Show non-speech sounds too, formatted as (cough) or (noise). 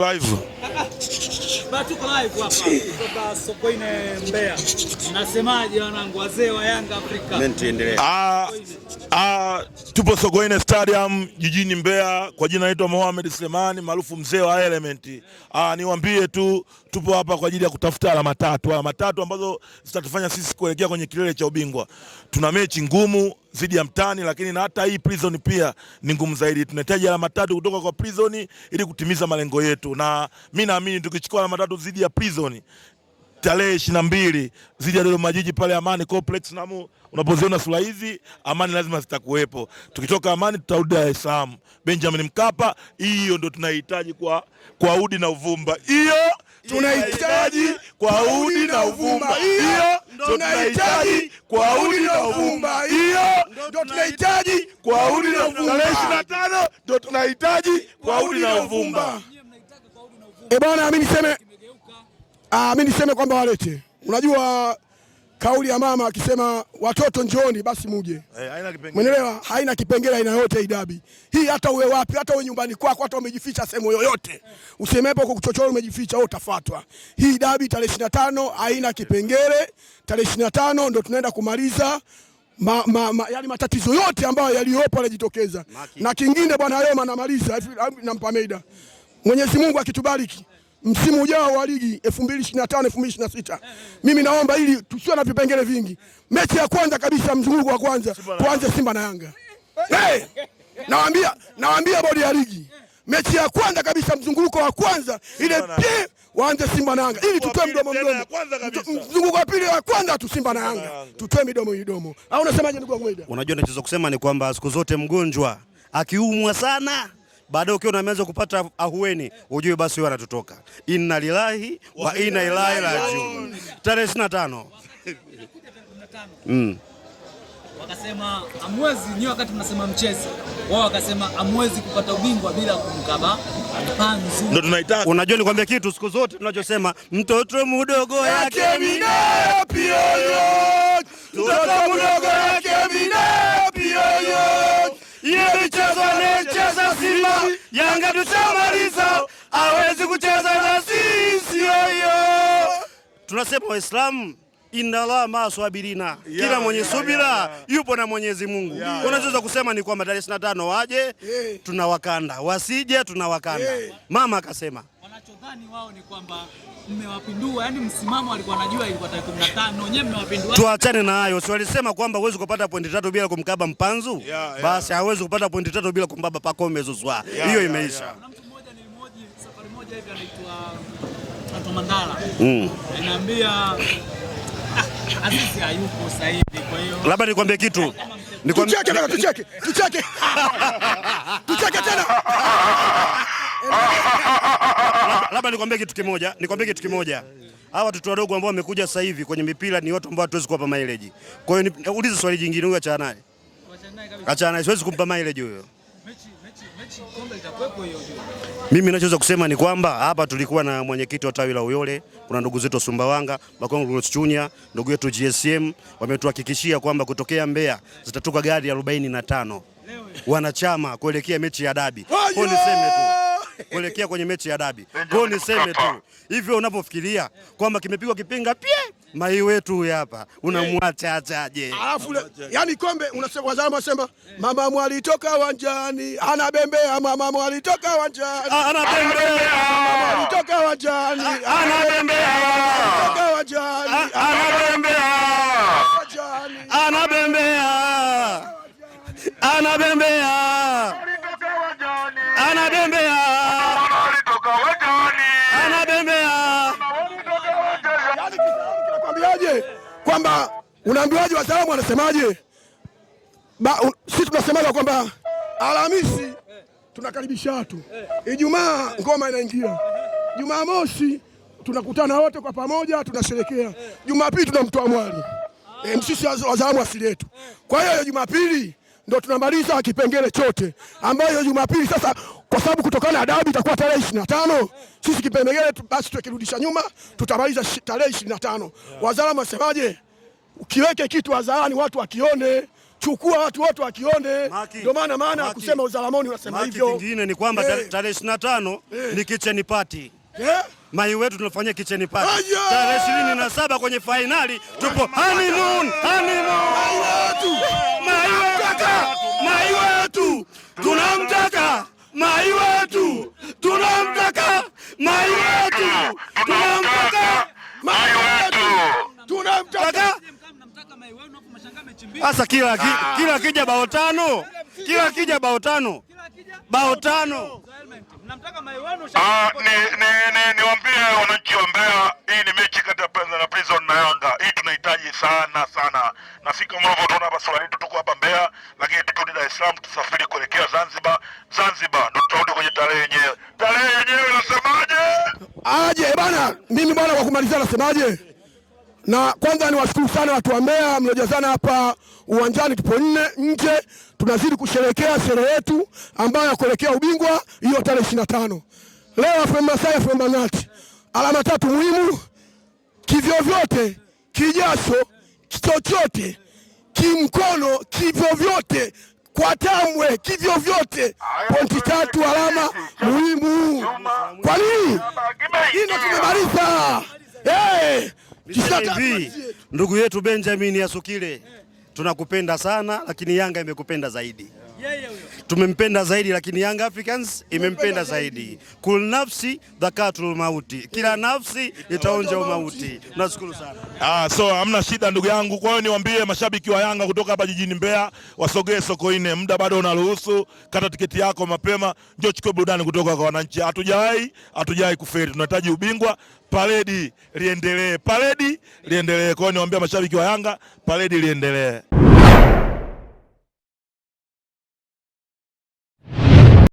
Live. Tuko live hapa kutoka Sokoine Mbeya. Nasemaje wanangu, wazee wa Yanga Afrika. Ah, ah, tupo Sokoine Stadium jijini Mbeya, kwa jina naitwa Mohamed Selemani maarufu mzee wa Element. Ah, niwaambie tu tupo hapa kwa ajili ya kutafuta alama tatu, alama tatu ambazo zitatufanya sisi kuelekea kwenye kilele cha ubingwa. Tuna mechi ngumu zidi ya mtani lakini na hata hii prison pia ni ngumu zaidi. Tunahitaji alama tatu kutoka kwa prison ili kutimiza malengo yetu, na mi naamini tukichukua alama tatu dhidi ya Prison tarehe ishirini na mbili dhidi ya Dodoma Jiji pale Amani Complex namu, unapoziona sura hizi Amani lazima zitakuwepo. Tukitoka Amani tutarudi Dar es Salaam Benjamin Mkapa. Hiyo ndo tunahitaji kwa, kwa udi na uvumba hiyo tunahitaji kwa udi na uvumba hiyo tunahitaji kwa udi na uvumba hiyo ndo tunahitaji kwa udi na uvumba tarehe na tano ndo tunahitaji kwa udi na uvumba. E bwana, mimi niseme ah, mimi niseme kwamba walete, unajua kauli ya mama akisema watoto njooni basi muje, Hey, eh, haina kipengele aina yote. Idabi hii hata uwe wapi, hata uwe nyumbani kwako, hata umejificha sehemu yoyote, usemepo kwa kuchochoro, umejificha wewe utafuatwa. Hii idabi tarehe 25 haina kipengele. Tarehe 25 ndo tunaenda kumaliza ma, ma, ma, yani matatizo yote ambayo yaliyopo yanajitokeza, na kingine bwana, leo anamaliza nampa Meida Mwenyezi Mungu akitubariki msimu ujao wa ligi 2025 2026, mimi naomba ili tusiwe na vipengele vingi. Mechi ya kwanza kabisa mzunguko wa kwanza tuanze Simba na Yanga. Hey, nawaambia nawaambia bodi ya ligi, mechi ya kwanza kabisa mzunguko wa kwanza ile pe waanze Simba na Yanga ili tutoe mdomo mdomo. Mzunguko wa pili wa kwanza tu Simba na Yanga tutoe midomo midomo, au unasemaje ndugu wangu? Unajua nachoweza kusema ni kwamba siku zote mgonjwa akiumwa sana baadaye ukiwa unaanza kupata ahueni, ujue basi wewe anatutoka. Inna lillahi wa inna ilaihi rajiun. Tarehe 25 mm wakasema amwezi ni wakati mnasema mchezo wao, wakasema amwezi kupata ubingwa bila kumkaba mpanzu. Ndio tunaitaka. Unajua, nikwambia kitu, siku zote tunachosema mtoto mdogo yake minapi, mtoto mdogo yake minapi Simba, Yanga tushamaliza, hawezi kucheza na sisi hiyo. Tunasema Waislamu Inallah ma yeah, kila mwenye subira yupo na Mwenyezi Mungu. Unachoweza kusema ni kwamba tarehe 25 waje, eh. tunawakanda, wasije tunawakanda. Eh. Mama akasema wanachodhani wao ni kwamba mmewapindua, yani msimamo alikuwa anajua ilikuwa tarehe 15, wenyewe mmewapindua. Tuachane na hayo, si walisema kwamba huwezi kupata pointi tatu bila kumkaba mpanzu yeah, yeah. Basi hawezi kupata pointi tatu bila kumbaba pakome yeah, hiyo yeah, imeisha yeah, yeah. Mmoja nilimoji safari moja hivi anaitwa Anto Mandala mm. Anaambia ah, Azizi hayupo sasa hivi, kwa hiyo labda nikwambie kitu nikwambie, tucheke tucheke tucheke (laughs) tucheke tena (laughs) Labda nikwambie kitu kimoja, nikwambie kitu kimoja. Hawa watoto wadogo ambao wamekuja sasa hivi kwenye mipira ni watu ambao hatuwezi kuwapa mileage. Kwa hiyo ulize swali jingine, huyo achana naye. Achana naye, siwezi kumpa mileage huyo. Mimi ninachoweza kusema ni kwamba hapa tulikuwa na mwenyekiti wa tawi la Uyole, kuna ndugu zetu Sumbawanga, Bakongo Chunya, ndugu yetu GSM wametuhakikishia kwamba kutokea Mbeya zitatoka gari 45 wanachama kuelekea mechi ya dabi. Kwa hiyo niseme tu kuelekea kwenye mechi ya dabi. Kwa niseme tu hivyo, unapofikiria kwamba kimepigwa kipinga pia mai wetu huyu hapa unamwacha achaje? Alafu yani kombe unasema wazalama wasema mama mwalitoka wanjani anabembea, mama mwalitoka wanjani anabembea, mama mwalitoka wanjani anabembea, toka wanjani anabembea, anabembea, anabembea Unaambiwaje? Wataalamu wanasemaje? Sisi tunasemaje kwamba Alhamisi tunakaribisha watu, Ijumaa ngoma inaingia, Jumamosi tunakutana wote kwa pamoja, tunasherekea, Jumapili tunamtoa mwali. E, eh, msisi wazalamu asili yetu. Kwa hiyo Jumapili ndo tunamaliza kipengele chote, ambayo Jumapili sasa, kwa sababu kutokana na adabu itakuwa tarehe ishirini na tano. Sisi kipengele basi tukirudisha nyuma tutamaliza tarehe ishirini na tano. Wazalamu wasemaje? ukiweke kitu hadharani watu wakione chukua watu wote wakione. Ndio maana maana ya kusema uzalamoni unasema hivyo. Kingine ni kwamba hey, eh. tarehe 25 hey, eh. ni kitchen party yeah, mai wetu tunafanyia kitchen party tarehe 27 kwenye fainali tupo honeymoon, honeymoon. Mai wetu tunamtaka, mai wetu tunamtaka, mai wetu tunamtaka, mai wetu tunamtaka sasa kila ah. kila kija bao tano, kila kija bao tano, bao tano. Ah, niwaambie wananchi wa Mbeya, hii ni mechi kati ya na Prison na Yanga. Hii tunahitaji sana sana, na si kama unavyoona hapa sura yetu, tuko hapa Mbeya, lakini tutudi Dar es Salaam, tusafiri kuelekea Zanzibar. Zanzibar ndio tutarudi kwenye tarehe yenyewe. Tarehe yenyewe nasemaje? Aje bana, mimi bwana, kwa kumaliza nasemaje? Na kwanza niwashukuru sana watu wa Mbeya mliojazana hapa uwanjani, tupo nne nje, tunazidi kusherekea sherehe yetu ambayo ya kuelekea ubingwa hiyo tarehe ishirini na tano. Leo FM Masai, FM Bangati, alama tatu muhimu, kivyovyote, kijasho, chochote, kimkono, kivyovyote kwa tamwe kivyo vyote, pointi tatu, alama muhimu. Kwa nini? Ndio tumemaliza. Hivi ndugu yetu Benjamin Yasukile, tunakupenda sana lakini Yanga imekupenda zaidi tumempenda zaidi, lakini Young Africans imempenda zaidi. Kul nafsi dhakatul mauti, kila nafsi itaonja umauti. Nashukuru sana. Ah, so hamna shida ndugu yangu. Kwa hiyo niwaambie mashabiki wa Yanga kutoka hapa jijini Mbeya wasogee Sokoine, muda bado unaruhusu. Kata tiketi yako mapema, njoo chukue burudani kutoka kwa wananchi. Hatujawai hatujawai kufeli, tunahitaji ubingwa. Paredi liendelee, paredi liendelee. Kwa hiyo niwaambie mashabiki wa Yanga, paredi liendelee.